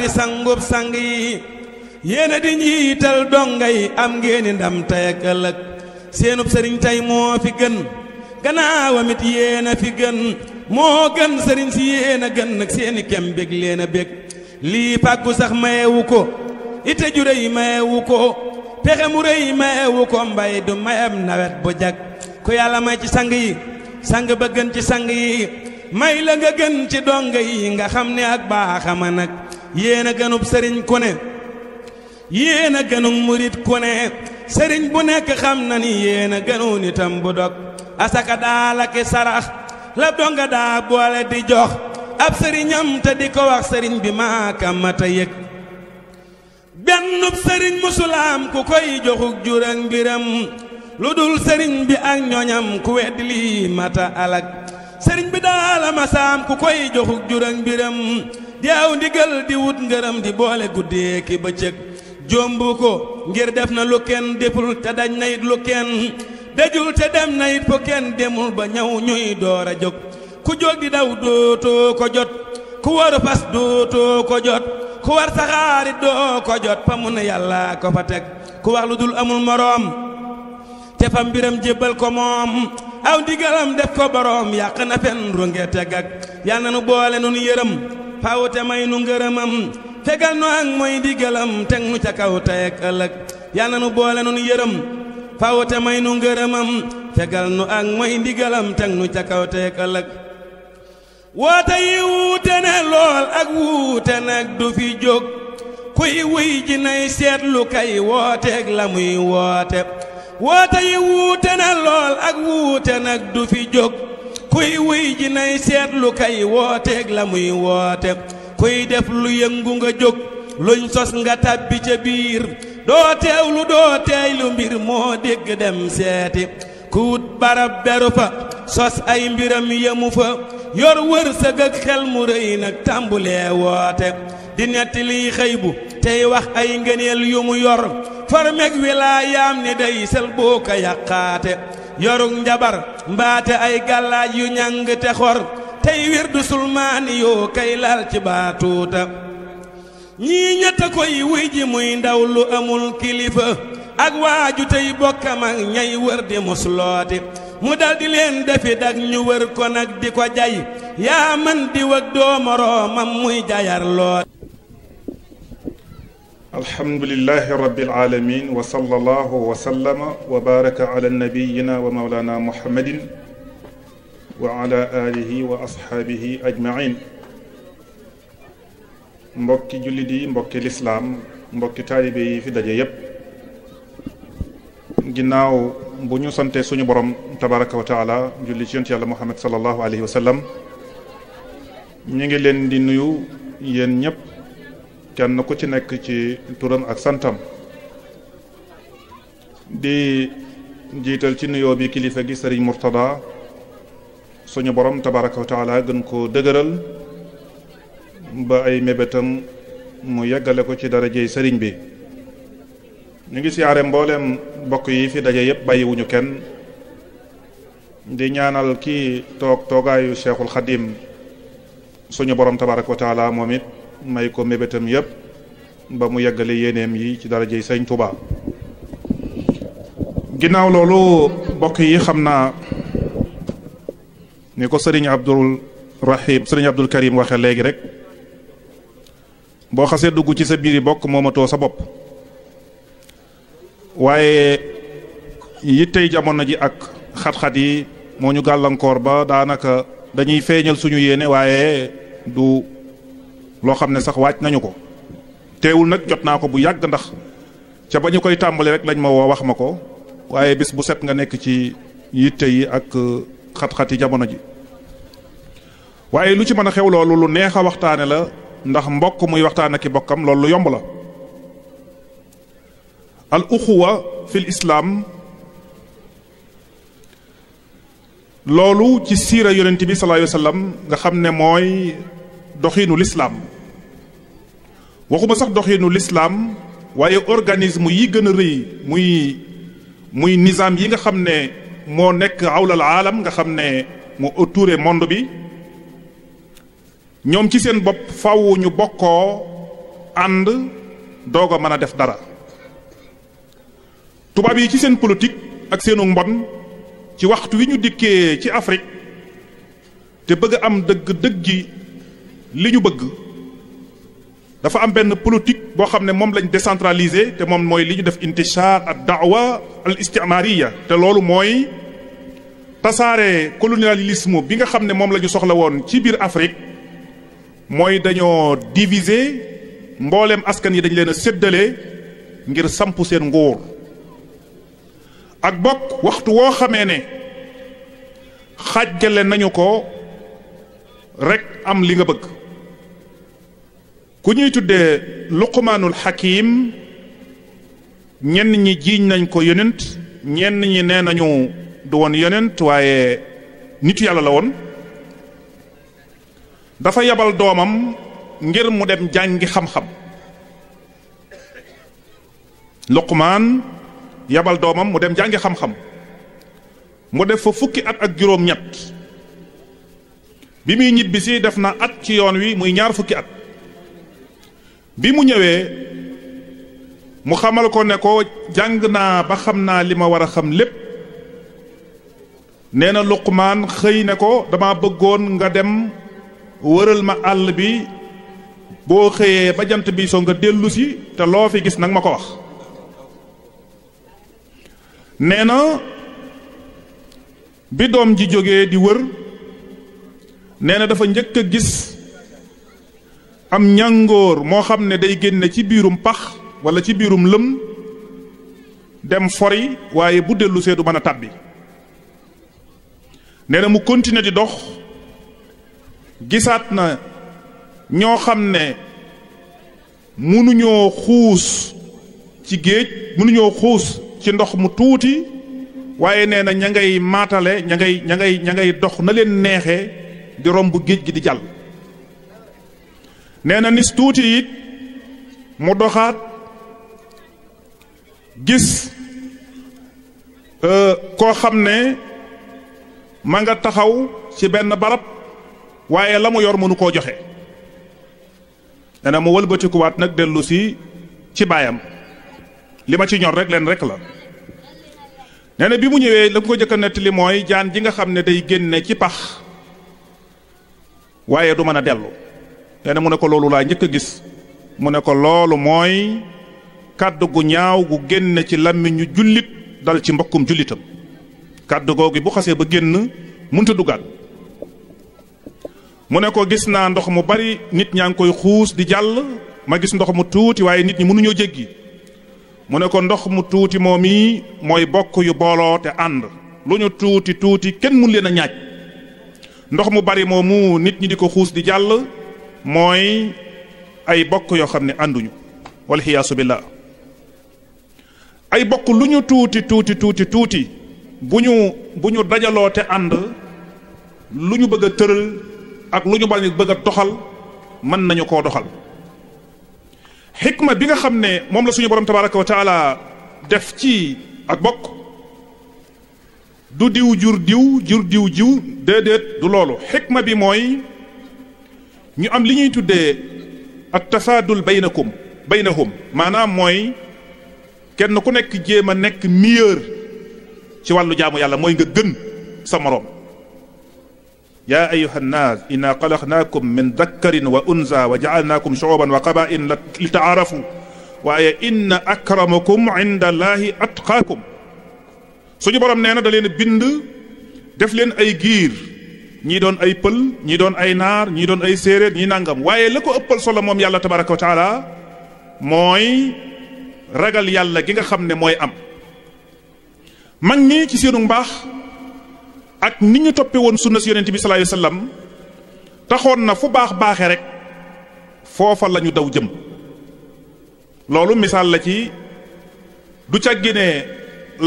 di sangub sang yi yéen di njiital donga yi am ngeeni ndam tey ak ëllëg seenub sëriñ tey moo fi gën gannaawam it yéena fi gën moo gën sëriñ si yéena gën nag seeni kem bég leen bég lii pàggu sax mayewu ko ite ju réy mayewu ko pexe mu réy mayewu ko mbay du mayam nawet bu jag ku yàlla may ci sang yi sang ba gën ci sang yi may la nga gën ci donga yi nga xam ne ak baaxama nag yéen a gënub sëriñ ku ne yéen a murit ku ne sëriñ bu nekk xam na ni yéen a gënu nitam bu dog asaka daala ki sarax la donga daa boole di jox ab sëriñam te di ko wax sëriñ bi maaka mata yëg bennub sëriñ musulaam ku koy joxug jur ak mbiram lu dul sëriñ bi ak ñoñam ku wedd lii mata alak sëriñ bi daala masaam ku koy joxug jur ak mbiram di aw ndigal di wut ngërëm di boole guddee ki bëccëg jomb ko ngir def na lu kenn deful te daj na it lu kenn dajul ba ñaw ñuy door a jóg ku jóg di daw dootoo ko jot ku war fas dootoo ko jot ku war saxaarit doo ko jot fa mu ne yàlla ko fa teg ku wax lu dul amul moroom te fa mbiram jébbal ko moom aw ndigalam def ko boroom yàq na fen runge teg yàlla na nu boole nun yërëm faw te may nu ngërëmam fegal nu ak mooy digalam teg nu ca kaw tey ak ëllëg yal na nu boole nun yërëm faw te may nu ngërëmam fegal nu ak mooy digalam teg nu ca kaw tey ak ëllëg woote yi wuute ne lool ak wuute nag du fi jóg kuy wuy ji nay seetlu kay wooteeg la muy woote woote yi wuute ne lool ak wuute nag du fi jóg kuy wuy ji nay seetlu kay wooteeg la muy woote kuy def lu yëngu nga jóg luñ sos nga tàbbi ca biir doo teewlu doo teeylu mbir moo dégg dem seeti ku wut barab beru fa sos ay mbiram yemu fa yor wërsëg ak xel mu rëy nag tàmbulee woote di netti liy xëy bu tey wax ay ngëneel yu mu yor farmeg wilaayaam ni day sel boo ko yàqaate yorug njabar mbaate ay gàllaaj yu ñàng te xor tey wirdu sulmaani yoo kay laal ci baatuuta ñii ñett koy wuy ji muy ndaw lu amul kilifa ak waaju tey bokkam ak ñay wër di muslooti mu dal leen defi dag ñu wër ko nag di ko jay yaa man di wag doo moroomam muy jayar looti alhamdulilahi rabbil alamin wa sallallahu wa sallama nabiyina wa mawlana muhammadin wa ala wa ashaabihi ajmain mbokki jullit yi mbokki lislaam mbokki taalibe fi daje yépp ginnaaw bu ñu sante suñu borom tabaraka wa taala julli ci yonent yàlla muhammad sallallahu alayhi wa sallam ñu ngi leen di nuyu yéen ñëpp kenn ku ci nekk ci turam ak santam di jiital ci nuyoo bi kilifa gi sëriñ Murtada suñu boroom tabaraka wa taala gën koo dëgëral ba ay mébétam mu yeggale ko ci darajey sëriñ bi ñu ngi siyaare mbooleem bokk yi fi daje yépp bàyyiwuñu kenn di ñaanal ki toog toogaayu cheikhul xadim suñu borom tabaraka wa moom it may ko mébétam yépp ba mu yeggale yéeneem yi ci darajey sëñ Touba ginnaaw loolu mbokk yi xam naa ni ko sëriñ Abdul Rahim sëriñ Abdul Karim waxe léegi rek boo xasee dugg ci sa biiri bokk moomatoo sa bopp waaye yittey jamono ji ak xat-xat yi moo ñu gàllankoor ba daanaka dañuy feeñal suñu yéene waaye du loo xam ne sax waaj nañu ko teewul nag jot naa ko bu yàgg ndax ca ba koy tàmbali rek lañ ma woo wax ma ko waaye bis bu set nga nekk ci yitte yi ak uh, xat-xati jamono ji waaye lu ci mën a xew loolu lu neex a waxtaane la ndax mbokk muy waxtaan ak i bokkam loolu lu yomb la al uxuwa fil islaam loolu ci siira yonent bi sallallahu alayhi wa nga xam ne mooy doxiinu lislaam waxuma sax doxiinu lislaam waaye organisme yi gën a rëy muy muy nizaam yi nga xam ne moo nekk awlal aalam nga xam ne moo entouré monde bi ñoom ci seen bopp fawu ñu bokkoo ànd doog a mën a def dara tubaab yi ci seen politique ak seenu mbon ci waxtu wi ñu dikkee ci Afrique te bëgg am dëgg dëggi li ñu bëgg dafa am benn politique boo xam ne moom lañ décentralisé te moom mooy li ñu def intishar a daawa al istimariya te loolu mooy tasaare colonialisme bi nga xam ne moom la ñu soxla woon ci biir afrik mooy dañoo diviser mbooleem askan yi dañ leen a séddale ngir sampu seen nguur ak bokk waxtu woo xamee ne xaajale nañu ko rek am li nga bëgg ku ñuy tuddee luqumaanul xakim ñenn ñi jiiñ nañ ko yonent ñenn ñi nee nañu du woon yonent waaye nitu yàlla la woon dafa yabal doomam ngir mu dem jàngi xam-xam luqumaan yabal doomam mu dem jàngi xam-xam mu def fa fukki at ak juróom-ñett bi muy ñibbisi def na at ci yoon wi muy ñaar fukki at bi mu ñëwee mu xamal ko ne ko jàng naa ba xam naa li ma war a xam lépp nee na luqmaan xëy ne ko dama bëggoon nga dem wëral ma àll bi boo xëyee ba jant bi soo nga dellusi te loo fi gis nag ma ko wax nee na bi doom ji jógee di wër nee na dafa njëkk a gis am ñàngoor moo xam ne day génne ci biirum pax wala ci biirum lëm dem fori waaye bu dellu see du mën a tàbbi nee mu continuer di dox gisaat na ñoo xam ne mënuñoo xuus ci géej mënuñoo xuus ci ndox mu tuuti waaye nee na ña ngay maatale ña ngay ña ngay ña dox na leen neexee di romb géej gi di jàll nee na nis tuuti it mu doxaat gis euh, koo xam ne ma nga taxaw ci benn barab waaye la mu yor mënu koo joxe nee na mu wëlbatikuwaat nag dellusi ci baayam li ma ci ñor rek leen rek la nee na bi mu ñëwee la ko jëkk a nettali mooy jaan ji nga xam ne day génne ci pax waaye du mën a dellu nee na mu ne ko loolu laa njëkk a gis mu ne ko loolu mooy kàddu gu ñaaw gu génn ci làmmiñu jullit dal ci mbokkum jullitam kàddu googu bu xasee ba génn munta dugaat mu ne ko gis naa ndox mu bari nit ñaa ngi koy xuus di jàll ma gis ndox mu tuuti waaye nit ñi mënuñoo jéggi mu ne ko ndox mu tuuti moom mooy bokk yu booloo te ànd lu ñu tuuti tuuti kenn mun leen a ñaaj ndox mu bari moomu nit ñi di ko xuus di jàll mooy ay bokk yoo xam ne ànduñu wal xiyaasu billah ay bokk lu ñu tuuti tuuti tuuti tuuti bu ñu bu ñu dajaloo te ànd lu ñu bëgg a tëral ak lu ñu bañ bëgg a doxal mën nañu koo doxal ma bi nga xam ne moom la suñu borom tabaraka wa taala def ci ak bokk du diw jur diw jur diw jiw déedéet du loolu xikma bi mooy ñu am li ñuy tuddee ak tafaadul baynakum baynahum maanaam mooy kenn ku nekk jéem a nekk meilleur ci wàllu jaamu yàlla mooy nga gën sa moroom yaa ayuha nnaas inna xalaqnaakum min dakkarin wa unsa wa jaalnaakum shuuban wa qaba'in li taarafu waaye inna akramakum inda allahi atqaakum suñu borom nee na daleen leen bind def leen ay giir ñii doon ay pël ñii doon ay naar ñii doon ay séeréer ñii nàngam waaye la ko ëppal solo moom yàlla tabaraka wa taala mooy ragal yàlla gi nga xam ne mooy am mag ñi ci seenu mbaax ak ni ñu toppe woon sunna si yonent bi sallallahu alayhi wasallam taxoon na fu baax baaxe rek foofa la daw jëm loolu misaal la ci du càggi ne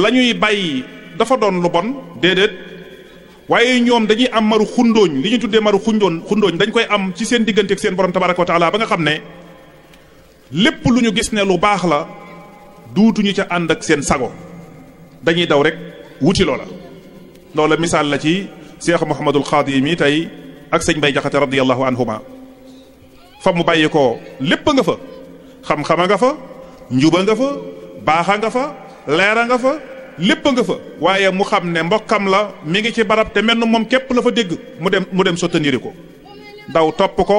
la ñuy bàyyi dafa doon lu bon déedéet waaye ñoom dañuy am maru xundooñ li ñu tuddee maru xundooñ xundooñ dañ koy am ci seen diggante ak seen borom tabaraka wa ba nga xam ne lépp lu ñu gis ne lu baax la duutuñu ca ànd ak seen sago dañuy daw rek wuti la loola misaal la ci seex Muhammadul Xaadim yi tey ak sëñ Bay Jaxate radiyallahu anhuma fa mu bàyyi ko lépp nga fa xam-xama nga fa njuba nga fa baaxa nga fa leera nga fa lépp nga fa waaye mu xam ne mbokkam la mi ngi ci barab te mel na moom képp la fa dégg mu dem mu dem soutenir ko ndaw topp ko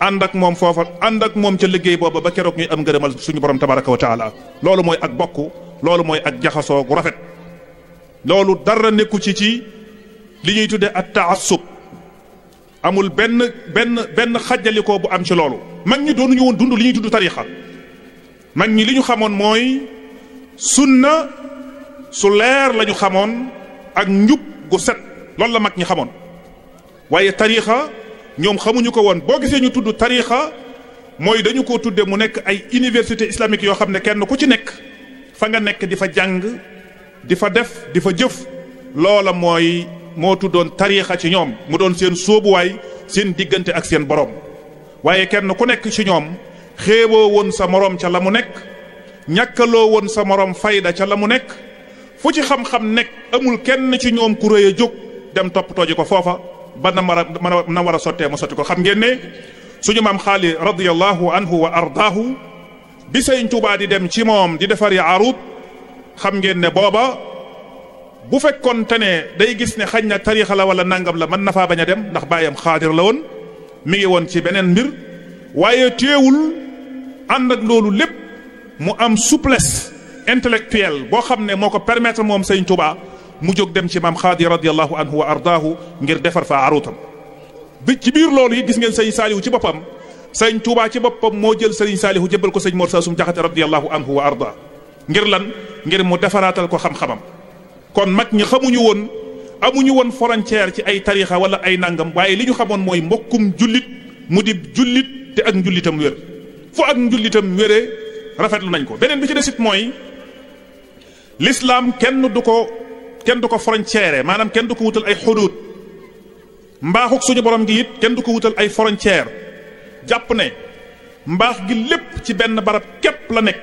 ànd ak moom foofa ànd ak moom ca liggéey booba ba keroog ñuy am ngërëmal suñu borom tabaraka wa taala loolu mooy ak bokk loolu mooy ak jaxasoo gu rafet loolu dara nekku ci ci li ñuy tudde ak taassub amul benn benn benn xajjalikoo bu am ci loolu mag ñi doonuñu woon dund li ñuy tudd tarixa mag ñi li ñu xamoon mooy sunna su leer lañu xamoon ak njub gu set loolu la mag ñi xamoon waaye tariixa ñoom xamuñu ko woon boo gisee ñu tudd tariixa mooy dañu ko tudde mu nekk ay université islamique yoo xam ne kenn ku ci nekk fa nga nekk di fa jàng di fa def di fa jëf loola mooy moo tuddoon tariixa ci ñoom mu doon seen sóobuwaay seen diggante ak seen borom waaye kenn ku nekk ci ñoom xéeboo woon sa moroom ca la mu nekk ñàkkaloo woon sa moroom fayda ca la mu nekk fu ci xam-xam nekk amul kenn ci ñoom ku rëy a jóg dem toppatoo ji ko foofa ba na mar na war a sottee ma sotti ko xam ngeen ne suñu maam xaali radiyallahu anhu wa ardaahu bi sëñ Tuubaa di dem ci moom di defari arut xam ngeen ne booba bu fekkoon te ne day gis ne xañ na tariixa la wala nangam la mën na faa bañ a dem ndax baayam xaadir la woon mi ngi woon ci beneen mbir waaye teewul ànd loolu lépp mu am souplesse intellectuel boo xam ne moo ko permettre moom sëñ Touba mu jóg dem ci maam Xaadi radiallahu anhu wa ardaahu ngir defar fa arutam bi ci biir loolu yi gis ngeen sëñ Saalihu ci boppam sëñ Touba ci boppam moo jël sëriñ Saalihu jëbbal ko sëñ Mor Saasum Jaxate radiallahu anhu wa arda ngir lan ngir mu defaraatal ko xam-xamam kon mag ñi xamuñu woon amuñu woon frontière ci ay tarixa wala ay nangam waaye li ñu xamoon mooy mbokkum jullit mu di jullit te ak njullitam wér ak njullitam wéree rafetlu nañ ko beneen bi ci desit mooy lislaam kenn du ko kenn du ko frontière maanaam kenn du ko wutal ay xuduud mbaaxuk suñu borom gi it kenn du ko wutal ay frontière jàpp ne mbaax gi lépp ci benn barab képp la nekk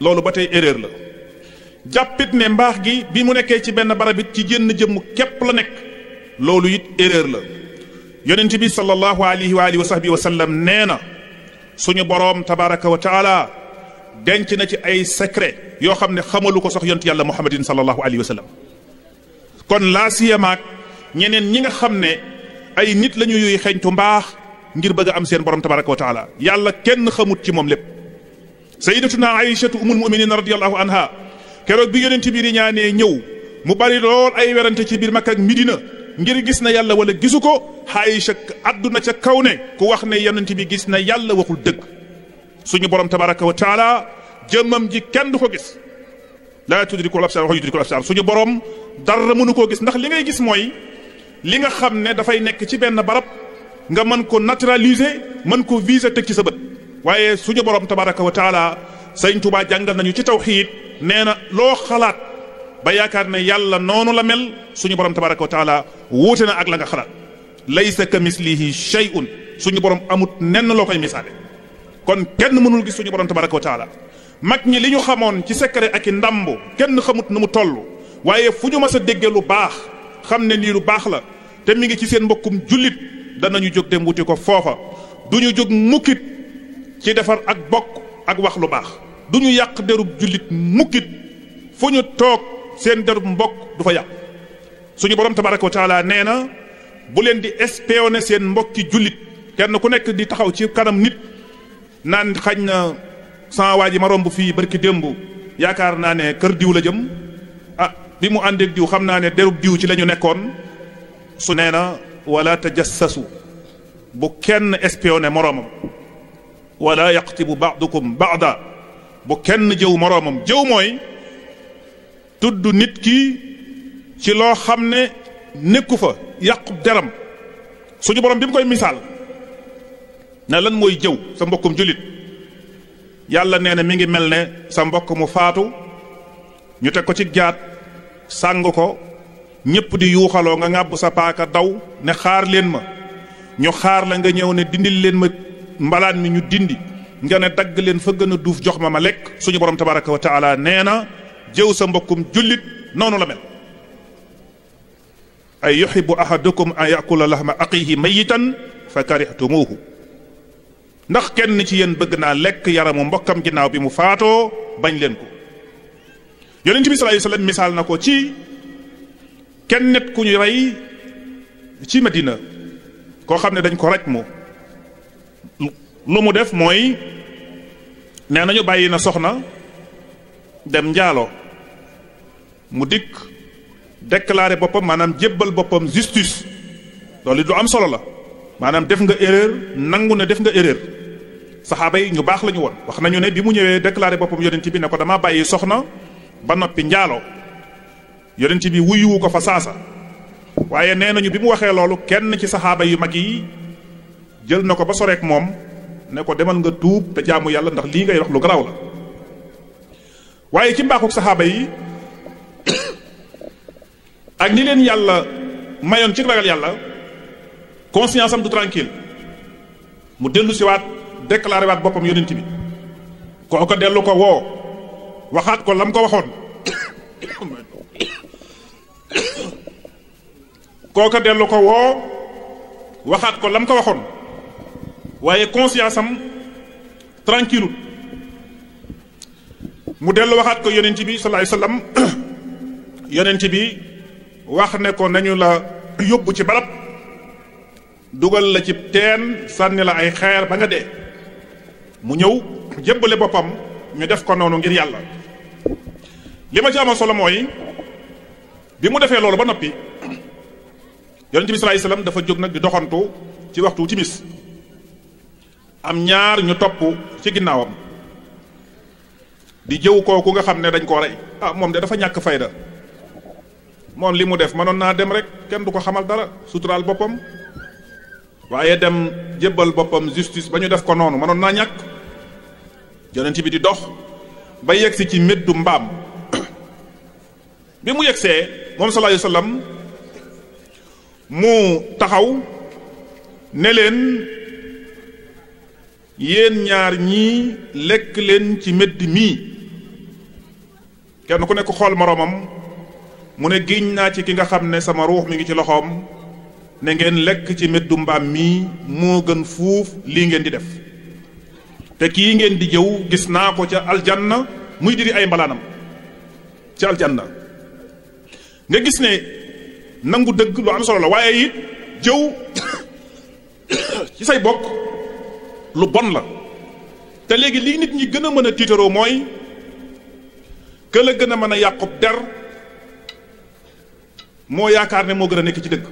loolu ba tey erreur la jàppit ne mbaax gi bi mu nekkee ci benn barabit ci jënn jëmm képp la nekk loolu it erreur la yonent bi sallallahu alayhi wa alihi wa nee na suñu boroom tabaraka wa taala denc na ci ay secret yoo xam ne xamalu ko sox yontu yàlla muhammadin sallallahu alayhi wa sallam kon laa siyamaak ñeneen ñi nga xam ne ay nit lañuy ñu yuy xeñtu mbaax ngir bëgg am seen borom tabaraka wa taala yàlla kenn xamut ci moom lépp ay aïchatu umul muminin radiallahu anha keroog bi yonent bi di ñaanee ñëw mu bari lool ay werante ci biir Makka ak na ngir gis na yàlla wala gisu ko aïcha àdduna ca kaw ne ku wax ne yonent bi gis na yàlla waxul dëgg suñu borom tabaraka wa taala jëmmam ji kenn du ko gis laa tudriku al-absaar suñu borom dara mënu koo gis ndax li ngay gis mooy li nga xam ne dafay nekk ci benn barab nga mën ko naturaliser mën ko viser teg ci sa bët waaye suñu borom tabaraka wa taala sëñ Tuubaa jàngal nañu ci tawxiid nee na loo xalaat ba yaakaar ne yàlla noonu la mel suñu borom tabaraka wa taala wuute na ak la nga xalaat laysa ka mislihi shay'un suñu borom amut nenn loo koy misaale kon kenn mënul gis suñu borom tabaraka wa taala mag ñi li ñu xamoon ci secret ak i ndàmb kenn xamut nu mu toll waaye fu ñu mas a déggee lu baax xam ne nii lu baax la te mi ngi ci seen mbokkum jullit danañu jóg dem wuti ko foofa du ñu jóg mukkit ci defar ak bokk ak wax lu baax du ñu yàq derub jullit mukkit fu ñu toog seen derub mbokk du fa yàq suñu borom tabaraka wa nee na bu leen di espionner seen mbokki jullit kenn ku nekk di taxaw ci kanam nit naan xañ na sama waa ji ma fii barki démb yaakaar naa ne kër diw la jëm ah bi mu àndeeg diw xam naa ne derub diw ci la nekkoon su nee na wala tajassasu bu kenn espionné moroomam wala yaqtibu ba'dukum ba'da bu kenn jëw moroomam jëw mooy tudd nit ki ci loo xam ne nekku fa yàqu deram suñu borom bi mu koy misaal ne lan mooy jëw sa mbokkum jullit yàlla nee na mi ngi mel ne sa mbokk mu faatu ñu teg ko ci jaat sàng ko ñépp di yuuxaloo nga ŋàbb sa paaka daw ne xaar leen ma ñu xaar la nga ñëw ne dindil leen ma mbalaan mi ñu dindi nga ne dagg leen fa gën duuf jox ma ma lekk suñu borom tabaraka wa taala nee na jëw sa mbokkum jullit noonu la mel ay yuhibbu ahadukum an yakula lahma aqihi mayitan fa karihtumuhu ndax kenn ci yéen bëgg naa lekk yaramu mbokkam ginnaaw bi mu faatoo bañ leen ko yonent bi sallallahu alayhi wasallam misaal na ko ci kenn nit ku ñu rey ci Madina koo xam ne dañ ko raj mu lu mu def mooy nee nañu bàyyi na soxna dem njaaloo mu dikk déclarer boppam maanaam jébbal boppam justice loolu du am solo la maanaam def nga erreur nangu ne def nga erreur saxaaba yi ñu baax lañu woon wax nañu ne bi mu ñëwee déclaré boppam yonent bi ne ko damaa bàyyi soxna ba noppi njaaloo yonent bi wuyuwu ko fa saasa waaye nee nañu bi mu waxee loolu kenn ci saxaaba yu mag yi jël na ko ba soreek moom ne ko demal nga tuub te jaamu yàlla ndax lii ngay wax lu garaw la waaye ci mbaaxuk saxaaba yi ak ni leen yàlla mayoon ci ragal yàlla conscience du tranquille mu dellu siwaat déclaré waat boppam yonent bi kooka dellu ko woo waxaat ko lam ko waxoon kooka dellu ko woo waxaat ko lam ko waxoon waaye conscience am mu dellu waxaat ko yonent bi sallallahu alayhi wasallam yonent bi wax ne ko nañu la yóbbu ci barab dugal la ci teen sànni la ay xeer ba nga dee mu ñëw jébbale boppam ñu def ko noonu ngir yàlla li ma ci amal solo mooy bi mu defee loolu ba noppi yonent bi salaay dafa jóg nag di doxantu ci waxtu timis am ñaar ñu topp ci ginnaawam di jëw kooku nga xam ne dañ koo rey ah moom de dafa ñàkk fayda moom li mu def mënoon naa dem rek kenn du ko xamal dara suturaal boppam waaye dem jébbal boppam justice ba ñu def ko noonu mënoon naa ñàkk yonent bi di dox ba yegsi ci meddu mbaam bi mu yegsee moom sallallahu alayhi wa mu taxaw ne leen yéen ñaar ñii lekk leen ci medd mii kenn ku nekk xool moroomam mu ne giñ naa ci ki nga xam ne sama ruux mi ngi ci loxoom ne ngeen lekk ci meddu mbaam mii moo gën fuuf lii ngeen di def te kii ngeen di jëw gis naa ko ca aljanna muy diri ay mbalaanam ci aljanna nga gis ne nangu dëgg lu am solo la waaye it jëw ci say bokk lu bon la te léegi lii nit ñi gën a mën a tiitaroo mooy que a gën a mën a yàqub der moo yaakaar ne moo gën a nekk ci dëgg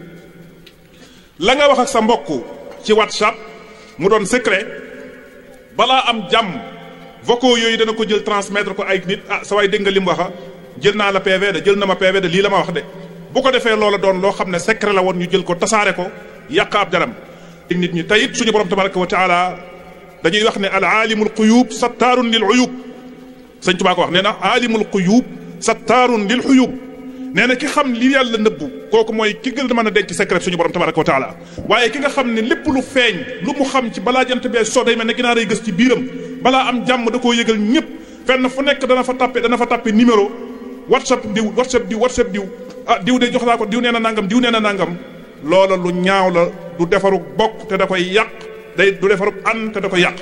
la nga wax ak sa mbokk ci whatsapp mu doon secret balaa am jàmm vocaux yooyu dana ko jël transmettre ko ay nit ah sa waay dégg nga li mu wax ah, jël naa la PV de jël na ma PV de lii la ma wax de boo ko defee loola doon loo xam ne secret la woon ñu jël ko tasaare ko yàq ab daram nit ñi tey it suñu borom tabaraka wa taala dañuy wax ne al aalimul quyub sattaarun lil uyub sëñ Tuubaa ko wax nee na aalimul quyub sattaarun lil uyub nee na ki xam li yàlla nëbbu kooku mooy ki gën a mën a denc secret suñu borom tabaraka wa taala waaye ki nga xam ne lépp lu feeñ lu mu xam ci balaa jant bee so day mel ne ginaar yi gës ci biiram balaa am jàmm da koo yëgal ñëpp fenn fu nekk dana fa tàppe dana fa tàppe numéro whatsapp diw whatsapp diw whatsapp diw ah diw de jox laa ko diw nee na nangam diw nee na nangam loola lu ñaaw la du defarug bokk te da koy yàq day du defarug ànd te da koy yàq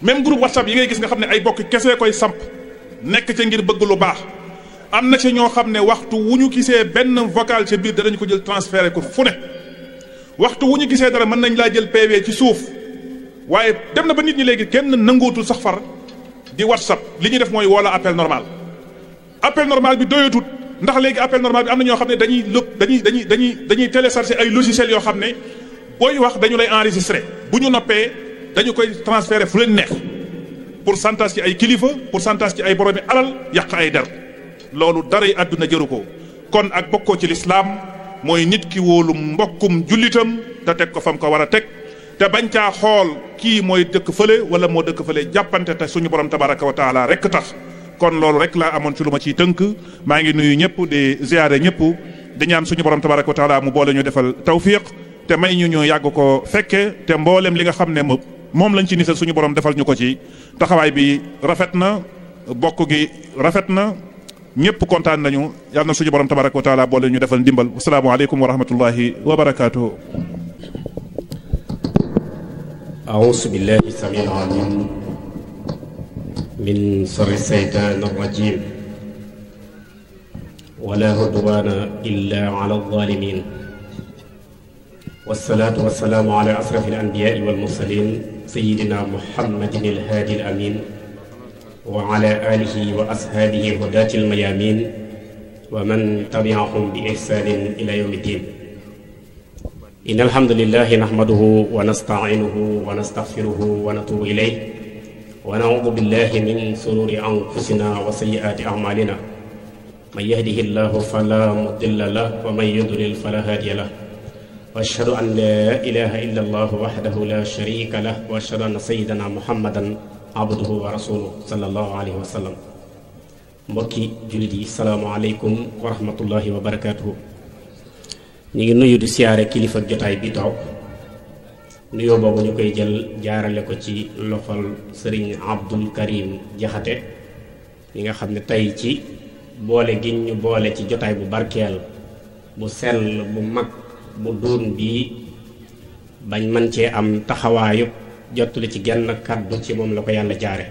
même groupe whatsapp yi ngay gis nga xam ne ay bokk kese koy samp nekk ca ngir bëgg lu am na ci ñoo xam ne waxtu wu ñu gisee benn vocal ca biir danañ ko jël transféré ko fu ne waxtu wu ñu gisee dara mën nañ laa jël PV ci suuf waaye dem na ba nit ñi léegi kenn nangootul sax far di whatsapp li ñuy def mooy woola appel normal appel normal bi doyatut ndax léegi appel normal bi am na ñoo xam ne dañuy lëpp dañuy dañuy dañuy dañuy télécharger ay logiciels yoo xam ne booy wax dañu lay enregistrer bu ñu noppee dañu koy transférer fu leen neex pourcentage ci ay kilifa pourcentage ci ay boromi alal yàq ay der loolu yi àdduna jëru ko kon ak bokkoo ci lislaam mooy nit ki wóolu mbokkum jullitam te teg ko fam ko war a teg te bañ caa xool kii mooy dëkk fële wala moo dëkk fële jàppante te suñu borom tabaraka wa taala rek tax kon loolu rek laa amoon ci lu ma ciy tënk maa ngi nuyu ñëpp di ziare ñëpp di ñaan suñu borom tabaraka wa taala mu boole ñu defal tawfiq te may ñu ñu yàgg ko fekke te mboolem li nga xam ne moom lañ ci nisal suñu borom defal ñu ko ci taxawaay bi rafet na bokk gi rafet na ñëpp kontaan nañu yàlla na suñu borom tabaraka wa taala boole ñu defal ndimbal asalaamaaleykum wa rahmatullahi wa barakaatuhu أعوذ بالله السميع العليم من شر الشيطان الرجيم ولا عدوان إلا على الظالمين والصلاة والسلام على أشرف الأنبياء والمرسلين سيدنا محمد الهادي الأمين wa ala alihi wa ashaabihi hudaatil mayaamiin wa man tabiahum bi ihsaanin ila yawmi diin in alhamdulilahi nahmaduhu wa nasta'iinuhu wa nastaghfiruhu wa natuubu ilayhi wa na'uudu billahi min shuruuri anfusinaa wa sayyi'aati a'maalinaa man yahdihillaahu falaa mudilla lahu wa man yudlil falaa haadiya lahu واشهد ان لا اله الا الله وحده لا شريك له واشهد ان سيدنا محمدا abduhu wa rasuluhu sallallahu alayhi wa sallam mbokki jullit yi salaamaaleykum wa rahmatullahi wa barakaatuhu ñu ngi nuyu di siyaare kilifa jotaay bi taw nuyoo boobu ñu koy jël jaarale ko ci loxol sëriñ Abdul Karim Jaxate ñi nga xam ne tey ci boole gi ñu boole ci jotaay bu barkeel bu sell bu mag bu duun bii bañ mën cee am taxawaayub jottali ci genn kàddu ci moom la ko yàlla jaare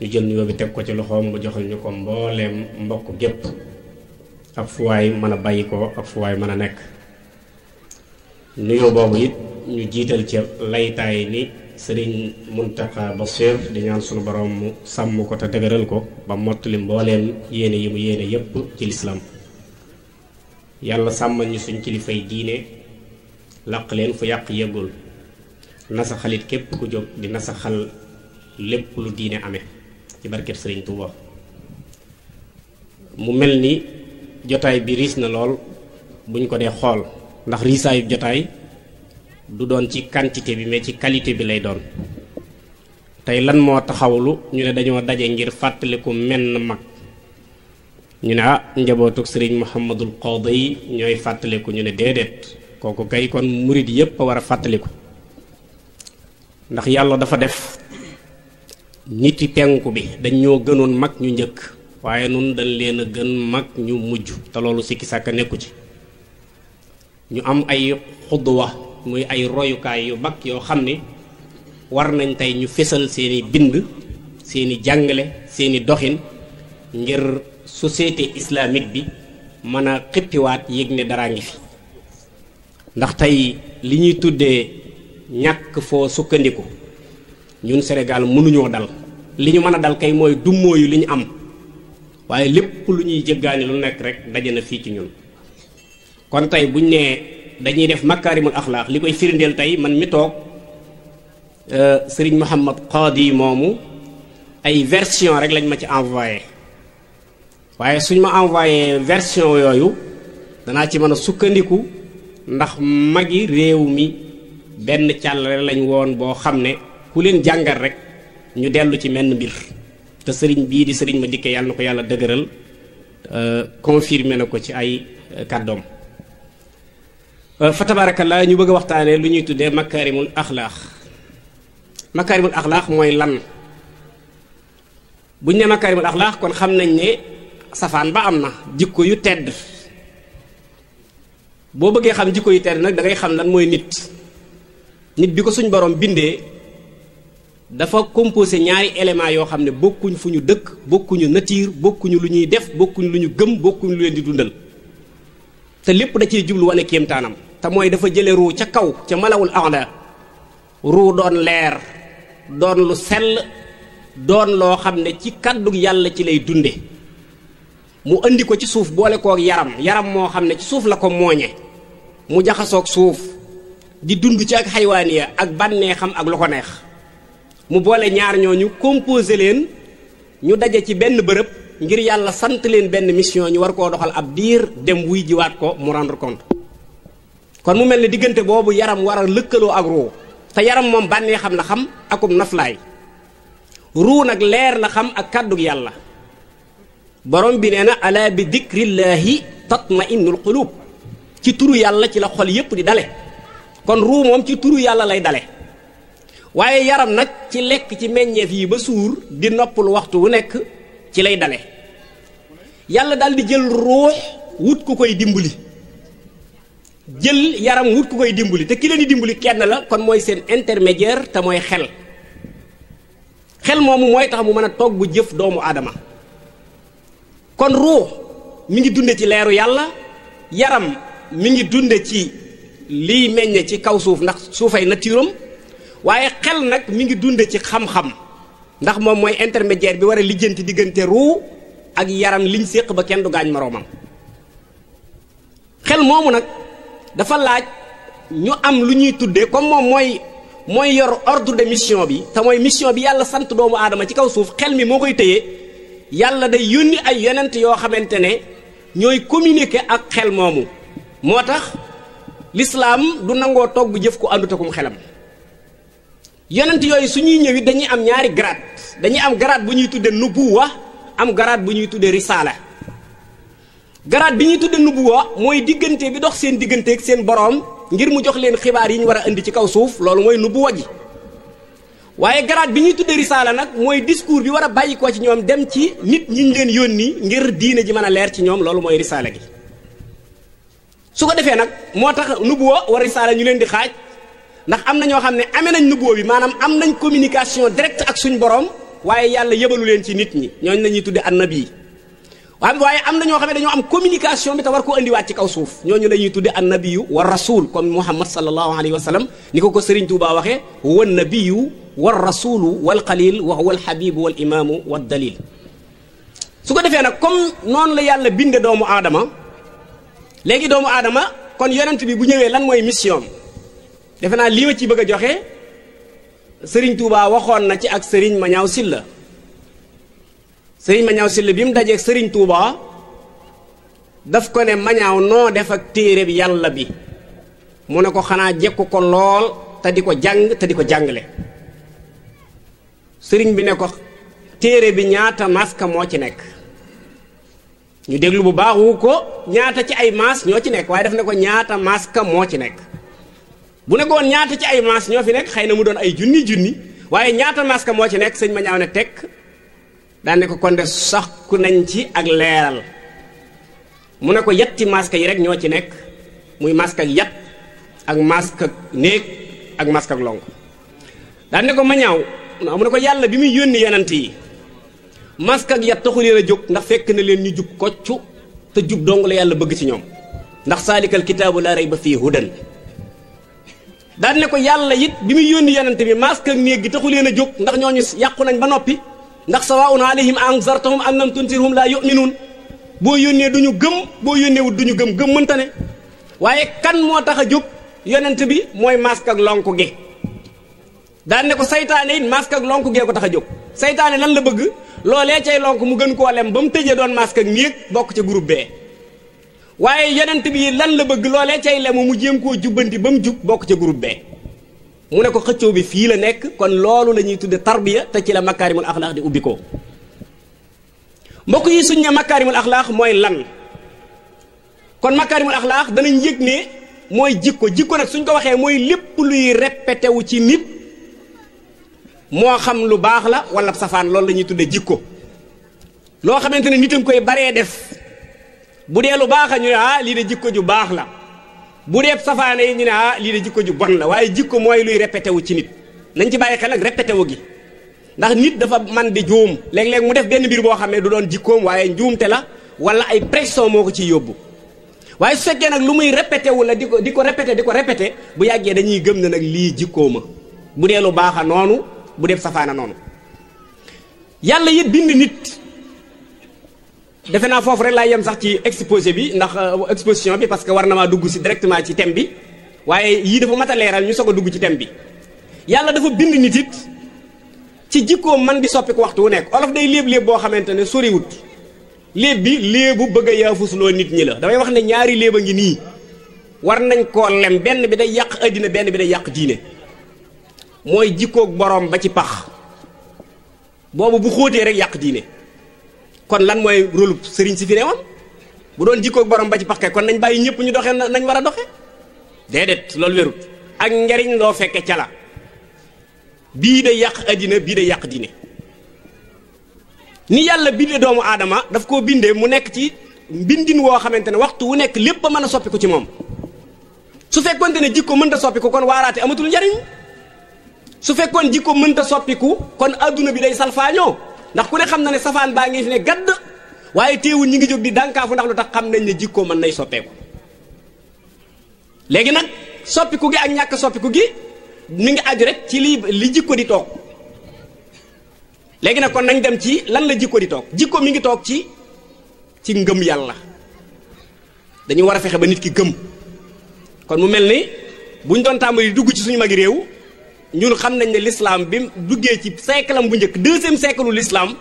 ñu jël nuyoo bi teg ko ci loxoom mu joxal ñu ko mbooleem mbokk gépp ak fu waay mën a bàyyi ko ak fu waay mën a nekk nuyoo boobu it ñu jiital ci laytaay ni sëriñ Muntaxa Basiir di ñaan sunu borom mu sàmm ko te dëgëral ko ba mottali mbooleem yéene yi mu yéene yépp ci lislaam yàlla sàmmal ñu suñ kilifay diine laq leen fu yàq yëggul xalit képp ku jóg di nasaxal lépp lu diine ame ci barkeb sëriñ Tuuba mu mel ni jotaay bi riis na lool buñ ko dee xool ndax riisaayu jotaay du doon ci quantité bi mais ci qualité bi lay doon tey lan moo taxawlu ñu ne dañoo daje ngir fàttaliku menn mag ñu ne ah njabootuk sëriñ Muhammadul Qadi yi ñooy fàttaliku ñu ne déedéet kooku kay kon murit yépp a war a fàttaliku ndax yàlla dafa def niti yi penku bi dañ gënoon mag ñu njëkk waaye nun dañ leen gën mag ñu mujj te loolu sikki sàkka nekku ci ñu am ay xudwa muy ay royukaay yu mag yoo xam ni war nañ tey ñu fésal seeni bind seeni jàngale seeni doxin ngir société islamique bi mën a xippiwaat yëg ne dara ngi fi ndax tey li ñuy tuddee ñàkk foo sukkandiku ñun Sénégal mënuñoo dal li ñu mën a dal kay mooy dummóoyu li ñu am waaye lépp lu ñuy jëggaani lu nekk rek daje na fii ci ñun kon tey buñ nee dañuy def makaarimul axlaaq li koy firndeel tey man mi toog euh, sëriñ Mouhamad Qaadi moomu ay version rek lañ ma ci envoyé waaye suñ ma envoyé version yooyu danaa ci mën a sukkandiku ndax magi réew mi benn càllale lañ woon boo xam ne ku leen jàngal rek ñu dellu ci menn mbir te sëriñ bii di sëriñ ma dikke yàlla na ko yàlla dëgëral euh, confirmé na ko ci ay euh, kàddoom euh, fa tabaarakallaa ñu bëgg a waxtaanee lu ñuy tuddee makaarimul axlaax makaarimul axlaax mooy lan buñ ne makaarimul axlaax kon xam nañ ne safaan ba am na jikko yu tedd boo bëggee xam jikko yu tedd nag da ngay xam lan mooy nit nit bi ko suñ borom bindee dafa composé ñaari éléments yoo xam ne bokkuñ fu ñu dëkk bokkuñu natiir bokkuñu lu ñuy def bokkuñ lu ñu gëm bokkuñ lu leen di dundal te lépp da cee jublu wane kéemtaanam te mooy dafa jële ruu ca kaw ca malawul anda ruu doon leer doon lu sell doon loo xam ne ci kàddu yàlla ci lay dunde mu indi ko ci suuf boole kook yaram yaram moo xam ne ci suuf la ko mooñe mu jaxasoog suuf di dund ci ak xaywaaniya ak bànneexam ak lu ko neex mu boole ñaar ñooñu composé leen ñu daje ci benn bërëb ngir yàlla sant leen benn mission ñu war koo doxal ab diir dem wuy jiwaat ko mu rendre compte kon mu mel ne diggante boobu yaram war a lëkkaloo ak ruu te yaram moom bànnee xam la xam akum naflaay ruu nag leer la xam ak kàddu yàlla borom bi nee na ala bi dikrillaahi ma innul qulub ci turu yàlla ci la xol yépp di dale kon ruu moom ci turu yàlla lay dale waaye yaram nag ci lekk ci meññeef yi ba suur di noppul waxtu wu nekk ci lay dale yàlla daal di jël ruux wut ku koy dimbali jël yaram wut ku koy dimbali te ki leen dimbali kenn la kon mooy seen intermédiaire te mooy xel xel moomu mooy tax mu mën a togg jëf doomu aadama kon ruux mi ngi dunde ci leeru yàlla yaram mi ngi dunde ci liy meññe ci kaw suuf ndax suufay naturam waaye xel nag mi ngi dunde ci xam-xam ndax moom mooy intermédiaire bi wara a lijjanti diggante ruu ak yaram liñ séq ba kenn du gaañ moroomam xel moomu nag dafa laaj ñu am lu ñuy tuddee comme moom mooy mooy yor ordre de mission bi te mooy mission bi yàlla sant doomu aadama ci kaw suuf xel mi moo koy téye yàlla day yónni ay yonent yoo xamante ne ñooy communiquer ak xel moomu moo tax lislaam du nangoo togg jëf ko àndut akum xelam yonent yooyu su ñuy ñëwit dañuy am ñaari grade dañuy am garaat bu ñuy tudde nubuwa am garaat bu ñuy tudde risaala grade bi ñuy tudde nubuwa mooy diggante bi dox seen digganteeg seen boroom ngir mu jox leen xibaar yi ñu war a indi ci kaw suuf loolu mooy nubuwa ji waaye grade bi ñuy tudde risaala nag mooy discours bi war a bàyyi ko ci ñoom dem ci nit ñi leen yónni ngir diine ji mën a leer ci ñoom loolu mooy risaala gi su ko defee nag moo tax nubuwa war risaala ñu leen di xaaj ndax am na ñoo xam ne amee nañ nubuwa bi maanaam am nañ communication directe ak suñ boroom waaye yàlla yebalu leen ci nit ñi ñooñ la ñuy tudde annabi waaye am na ñoo xam ne dañoo am communication bi te war koo indiwaat ci kaw suuf ñooñu la ñuy tudde annabiyu wa rasul comme muhammad sallallahu alayhi wa sallam ni ko ko sëriñ Tuubaa waxee wa nabiyu wa rasulu wal xalil wa huwa al habibu wal imaamu wad dalil su ko defee nag comme noonu la yàlla binde doomu aadama léegi doomu aadama kon yonent bi bu ñëwee lan mooy mission defe naa lii ma ci bëgg a joxe sëriñ Touba waxoon na ci ak sëriñ Mañaaw Silla sëriñ Mañaaw Silla bi mu dajeeg sëriñ Touba daf ko ne Mañaaw noo def ak téere bi yàlla bi mu ne ko xanaa jekk ko lool te di ko jàng te di ko jàngale sëriñ bi ne ko téere bi ñaata maska moo ci nekk ñu déglu bu baax wu ko ñaata ci ay maas ñoo ci nekk waaye def na ko ñaata maas moo ci nekk bu ne goon ñaata ci ay maas ñoo fi nekk xëy na mu doon ay junni junni waaye ñaata maas ka moo ci nekk sëñ ma ñaaw ne tekk daan ne ko kon de nañ ci ak leeral mu nekko ko yatti maska yi rek ñoo ci nekk muy maska ak yat ak maska ak néeg ak maska ak lonk ko ma ñaaw mu ne ko yàlla bi muy yónni yonent yi masque ak yat taxu leen a jóg ndax fekk na leen ñu jub koccu te jub dong la yàlla bëgg ci ñoom ndax saalikal kitaabu laa rey rayba fii hudan daan ne ko yàlla yit bi muy yónni yonante bi masque ak néeg gi taxu leen a jóg ndax ñoo ñooñu yàqu nañ ba noppi ndax naa sawaun alayhim anzartahum am lam tunzirhum laa yuminuun boo yónnee du ñu gëm boo yónneewut du ñu gëm gëm mënta ne waaye kan moo tax a jóg yonent bi mooy masque ak lonku gi daan ko seytaane it masque lonk gee ko tax a jóg saytaane lan la bëgg loolee cay lonk mu gën koo lem ba mu tëjee doon masque ak bokk ca groupe bee waaye yonent bi lan la bëgg loolee cay lemu mu jéem koo jubbanti ba mu jub bokk ca groupe bee mu ne ko xëccoo bi fii la nekk kon loolu la ñuy tudde tarbiya te ci la makaarimul axlaax di ubbi ko mbokk yi suñ ne makaarimul axlaax mooy lan kon makaarimul axlaax danañ yëg ne mooy jikko jikko nag suñ ko waxee mooy lépp luy répété ci nit moo xam lu baax la wala safaan loolu la ñuy tudde jikko loo xamante ne nit a koy baree def bu dee lu baax a ñu ne ah lii de jikko ju baax la bu dee safaane yi ñu ne ah lii de jikko ju bon la waaye jikko mooy luy répété wu ci nit nañ ci bàyyi xel nag répété wu gi ndax nit dafa man di juum léeg-léeg mu def benn mbir boo xam ne du doon jikkoom waaye njuumte la wala ay pression moo ko ciy yóbbu waaye su fekkee nag lu muy répété wu la di ko di ko répété di ko répété bu yàggee dañuy gëm ne nag lii jikkooma bu dee lu baax noonu bu def safaana noonu yàlla yit bind nit defe naa foofu rek laa yem sax ci exposé bi ndax euh, exposition bi parce que war na maa dugg si directement ci thème bi waaye yii dafa mat a leeral ñu soo a dugg ci thème bi yàlla dafa bind nit it ci jikkoom man di soppi ko waxtu wu nekk olof day léeb-léeb boo xamante ne soriwut léeb bi léebu bëgg a yaafusloo nit ñi la damay wax ne ñaari léeb a ngi nii war nañ koo lem benn bi day yàq addina benn bi day yàq diine mooy jikkook boroom ba ci pax boobu bu xóotee rek yàq diine kon lan mooy rôle sëriñ si fi ne woon bu doon jikkoog boroom ba ci pax kay kon nañ bàyyi ñëpp ñu doxee nañ war a doxe déedéet loolu wérut ak njariñ loo fekke cala bii de yàq addina bii de yàq diine ni yàlla bindee doomu aadama daf koo bindee mu nekk ci mbindin woo xamante ne waxtu wu nekk lépp a mën a ko ci moom su fekkonte ne jikko mën da ko kon waaraate amatul njariñ su fekkoon jikko mënta soppiku kon àdduna bi day salfaañoo ndax ku ne xam na ne safaan baa ngi fi ne gadd waaye teewul ñi ngi jóg di dànkaafu ndax lu tax xam nañ ne jikko mën nay soppeeku léegi nag soppiku gi ak ñàkk soppiku gi mi ngi aju rek ci li li jikko di toog léegi nag kon nañ dem ci lan la jikko di toog jikko mi ngi toog ci ci ngëm yàlla dañu war a fexe ba nit ki gëm kon mu mel ni buñ doon tàmbali dugg ci suñu magi réew ñun xam nañ ne lislaam bi duggee ci siècle bu njëkk deuxième siècle lislaam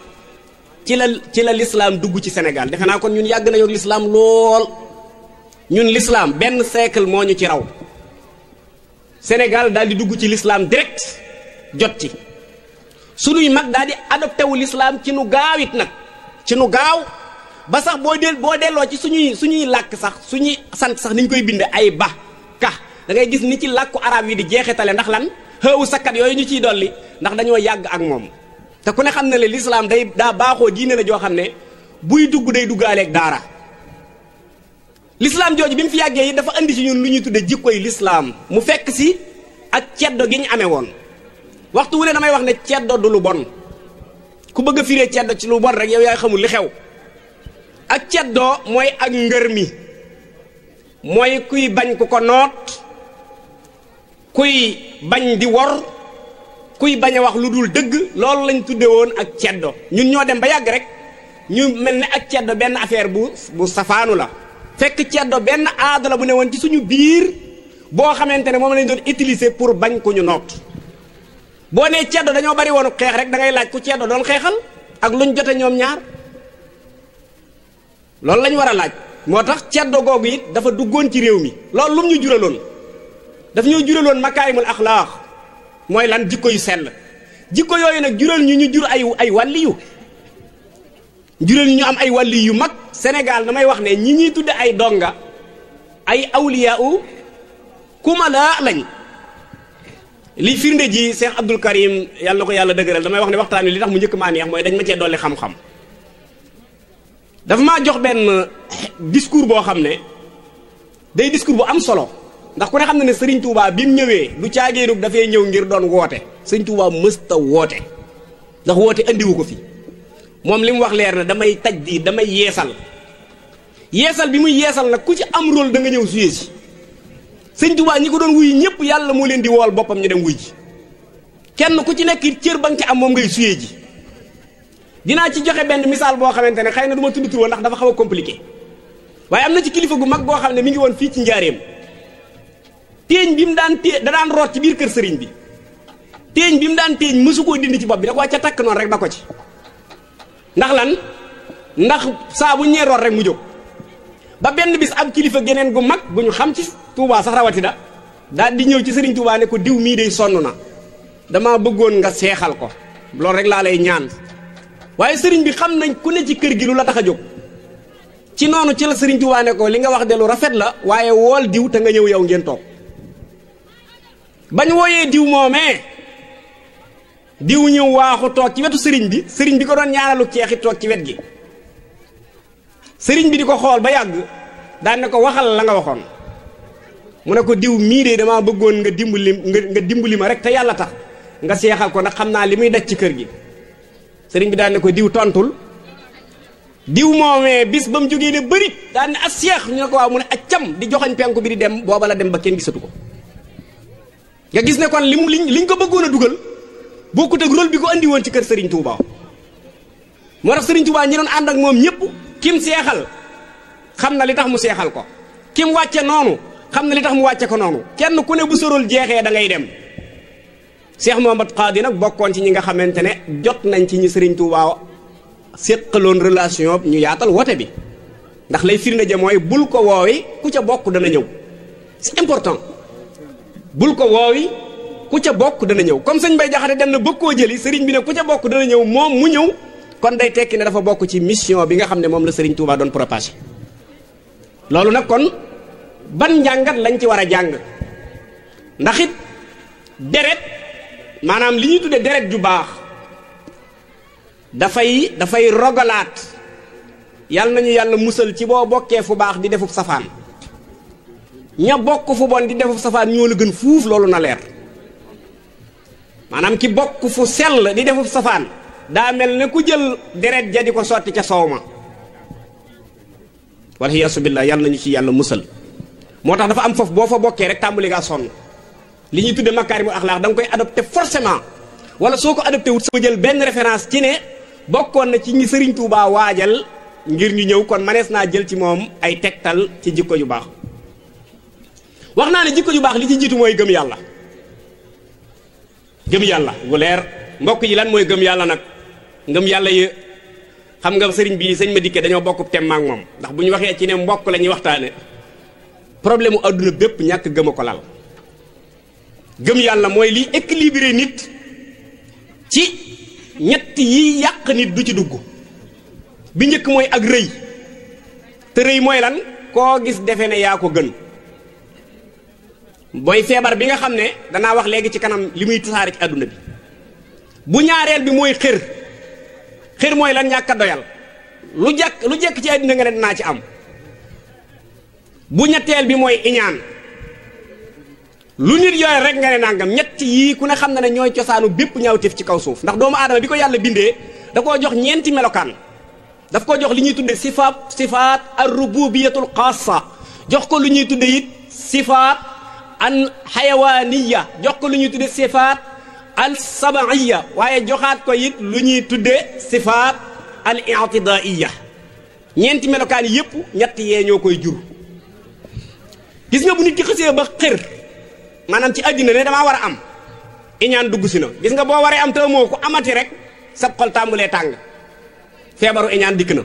ci la ci la l'islam dugg ci Sénégal defe naa kon ñun yàgg nañoo ak l'islam lool ñun l'islam benn siècle moo ñu ci raw Sénégal daal di dugg ci lislaam direct jot ci sunuy mag daal di adopté wu l'islam ci nu gaawit nag ci nu gaaw ba sax boo del boo delloo ci suñuy suñuy làkk sax suñuy sant sax niñ koy bind ay ba ka dangay gis ni ci làkku arab yi di jeexetale ndax lan xëewu sakkat yooyu ñu ciy dolli ndax dañoo yàgg ak moom te ku ne xam ne le lislaam day daa baaxoo diine la joo xam ne buy dugg day duggaaleeg daara lislaam jooju bi mu fi yàggee yi dafa indi ci ñun lu ñuy tudde jikkoy lislaam mu fekk si ak ceddo gi ñu amee woon waxtu wu ne damay wax ne ceddo du lu bon ku bëgg a firee ceddo ci lu bon rek yow yaay xamul li xew ak ceddoo mooy ak ngër mi mooy kuy bañ ku ko noot kuy bañ di wor kuy bañ a wax lu dul dëgg loolu lañ tudde woon ak ceddo ñun ñoo dem ba yàgg rek ñu mel ne ak ceddo benn affaire bu bu safaanu la fekk ceddo benn aada bu ne woon ci suñu biir boo xamante ne moom lañ doon utiliser pour bañ ko ñu noot boo nee ceddo dañoo bari woon xeex rek da ngay laaj ku ceddo doon xeexal ak luñ jote ñoom ñaar loolu lañu war a laaj moo tax ceddo googu yi dafa duggoon ci réew mi loolu lum ñu juraloon daf ñoo juraloon makaarimul axlaax mooy lan jikko yu sell jikko yooyu nag jural ñu ñu jur ay ay wàlliyu jural ñu ñu am ay wàlli yu mag Sénégal damay wax ne ñii ñuy tudde ay donga ay awliya u kumala lañ li firnde ji Cheikh Abdoul Karim yàlla na ko yàlla dëgëral damay wax ne waxtaan wi li tax mu njëkk maa mooy dañ ma cee dolli xam-xam dafa maa jox benn discours boo xam ne day discours bu am solo ndax ku ne xam na ne sëriñ Touba bi mu ñëwee du caagéenub dafay ñëw ngir doon woote sëriñ Touba mësta woote ndax woote andiwu ko fi moom li mu wax leer na damay taj di damay yeesal yeesal bi muy yeesal nag ku ci am rol da nga ñëw suyee si sëriñ Touba ñi ko doon wuy ñëpp yàlla moo leen di wool boppam ñu dem wuy ji kenn ku ci nekk cër ba nga ci am moom ngay suyee ji dinaa ci joxe benn misaal boo xamante ne xëy na du ma tudd tur ndax dafa xaw a compliqué waaye am na ci kilifa gu mag boo xam ne mi ngi fii ci njaareem téeñ bi mu daan téye da daan root ci biir kër sëriñ bi teeñ bi mu daan téeñ mësu koo dindi ci bopp bi da koo ca takk noonu rek ba ko ci ndax lan ndax saabu bu ñee root rek mu jóg ba benn bis ab kilifa geneen gu mag gu ñu xam ci Touba sax rawatina daal di ñëw ci sëriñ Touba ko diw mii day sonn na dama bëggoon nga seexal ko loolu rek laa lay ñaan waaye sëriñ bi xam nañ ku ne ci kër gi lu la tax a jóg ci noonu ci la sëriñ Touba ne ko li nga wax de rafet la waaye wool diw te nga ñëw yow ngeen toog bañ wooyee diw moomee diw ñëw waaxu toog ci wetu sëriñ bi sëriñ bi ko doon ñaanalu ceexi toog ci wet gi sëriñ bi di ko xool ba yàgg daan ko waxal la nga waxoon mu ne ko diw mii de damaa bëggoon nga dimbali nga dimbali ma rek te yàlla tax nga seexal ko ndax xam naa li muy daj ci kër gi sëriñ bi daan ne ko diw tontul diw moomee bis ba mu jógee ne bëri daan ak as seex ñu ne ko waaw mu ne accam di joxoñ penku bi di dem booba la dem ba kenn gisatu ko nga gis ne kon li mu liñ liñ ko bëggoon a dugal bokkut ak rôle bi ko indi woon ci kër Serigne Touba moo tax sëriñ Touba ñi doon ànd ak moom ñëpp kim seexal xam na li tax mu seexal ko kim wàcce noonu xam na li tax mu wàcce ko noonu kenn ku ne bu sorol jeexee dangay ngay dem Cheikh Mouhamad Khadi nag bokkoon ci ñi nga xamante ne jot nañ ci ñi Serigne Touba séqaloon relation ñu yaatal wote bi ndax lay firnde ja bul ko woowi ku ca bokk dana ñëw c'est important. bul ko woowi ku ca bokk dana ñëw comme sëñ Bay Jaxate dem na bëgg koo jëli sëriñ bi ne ku ca bokk dana ñëw moom mu ñëw kon day tekki ne dafa bokk ci mission bi nga xam ne moom la sëriñ Touba doon propagé loolu nag kon ban njàngat lañ ci war a jàng ndax it deret maanaam li ñuy tudde deret ju baax dafay dafay rogalaat yàlla nañu yàlla musal ci boo bokkee fu baax di defub safaan ña bokk fu bon di defu safaan ñoo la gën fuuf loolu na leer maanaam ki bokk fu sell di defu safaan daa mel ne ku jël deret ja di ko sotti ca soow ma wala yaasu billaah yàlla nañu ci yàlla musal moo tax dafa am foofu boo fa bokkee rek tàmbali ngaa sonn li ñuy tudde makaarimu axlaax da nga koy adopté forcément wala soo ko adopté wut jël benn référence ci ne bokkoon na ci ñu Sëriñ Tuubaa waajal ngir ñu ñëw kon manees naa jël ci moom ay tegtal ci jikko yu baax wax naa ne jikko ju baax li ci jiitu mooy gëm yàlla gëm yàlla gu leer mbokk yi lan mooy gëm yàlla nag ngëm yàlla yi xam nga sëriñ bi sëñ ma dikke dañoo bokk tem maak moom ndax bu ñu waxee ci ne mbokk la ñuy waxtaane problème mu àdduna bépp ñàkk gëm ko lal gëm yàlla mooy liy équilibré nit ci ñett yi yàq nit du ci dugg bi njëkk mooy ak rëy te rëy mooy lan koo gis defe ne yaa ko gën booy feebar bi nga xam ne danaa wax léegi ci kanam li muy tasaare ci àdduna bi bu ñaareel bi mooy xër xër mooy la ñàkk doyal lu jekk lu jekk ci àdduna nga ne dinaa ci am bu ñetteel bi mooy iñaan lu nit yooyu rek nga ne nangam ñett yii ku ne xam na ne ñooy cosaanu bépp ñaawteef ci kaw suuf ndax doomu aadama bi ko yàlla bindee da koo jox ñeenti melokaan daf ko jox li ñuy tudd sifaat sifaat ar rububiyatul xaasa jox ko lu ñuy tudde it sifaat an xayawaaniya jox ko lu ñuy tudde sifaat al sabaiya waaye joxaat ko it lu ñuy tudde sifaat al i'tidaaiya ñeenti melokaan yépp ñetti yee ñoo koy jur gis nga bu nit ki xësee ba xër maanaam ci àddina ne dama war a am iñaan dugg si na gis nga boo waree am ta amoo ko amati rek sab xol tàmbulee tàng feebaru iñaan dikk na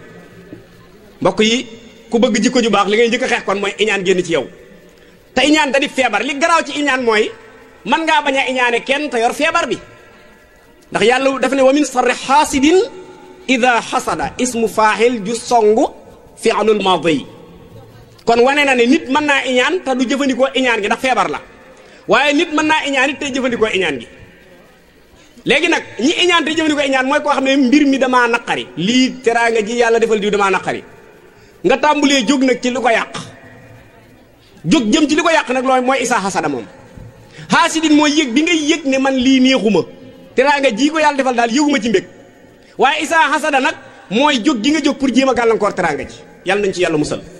mbokk yi ku bëgg jikko ju baax li ngay njëkk a xeex kon mooy iñaan génn ci yow te iñaan da feebar li garaaw ci iñaan mooy mën ngaa bañ a iñaane kenn te yor feebar bi ndax yàlla daf ne wa min sarri xaasidin ida xasada ismu faaxil ju songu fi'lul maadi kon wane na ne nit mën naa iñaan te du jëfandikoo iñaan gi ndax feebar la waaye nit mën naa iñaan te tey jëfandikoo iñaan gi léegi nag ñi iñaan tey jëfandikoo iñaan mooy koo xam ne mbir mi damaa naqari lii teraanga ji yàlla defal diw dama naqari nga tàmbulee jóg nag ci lu ko yàq jóg jëm ci li ko yàq nag loolu mooy isaa xasada moom xaasidin mooy yëg bi ngay yëg ne man lii neexuma te daa nga ji ko yàlla defal daal yëguma ci mbég waaye isaa xasada nag mooy jóg ji nga jóg pour jéem a gàllankoor teraanga ji yàlla nañ ci yàlla musal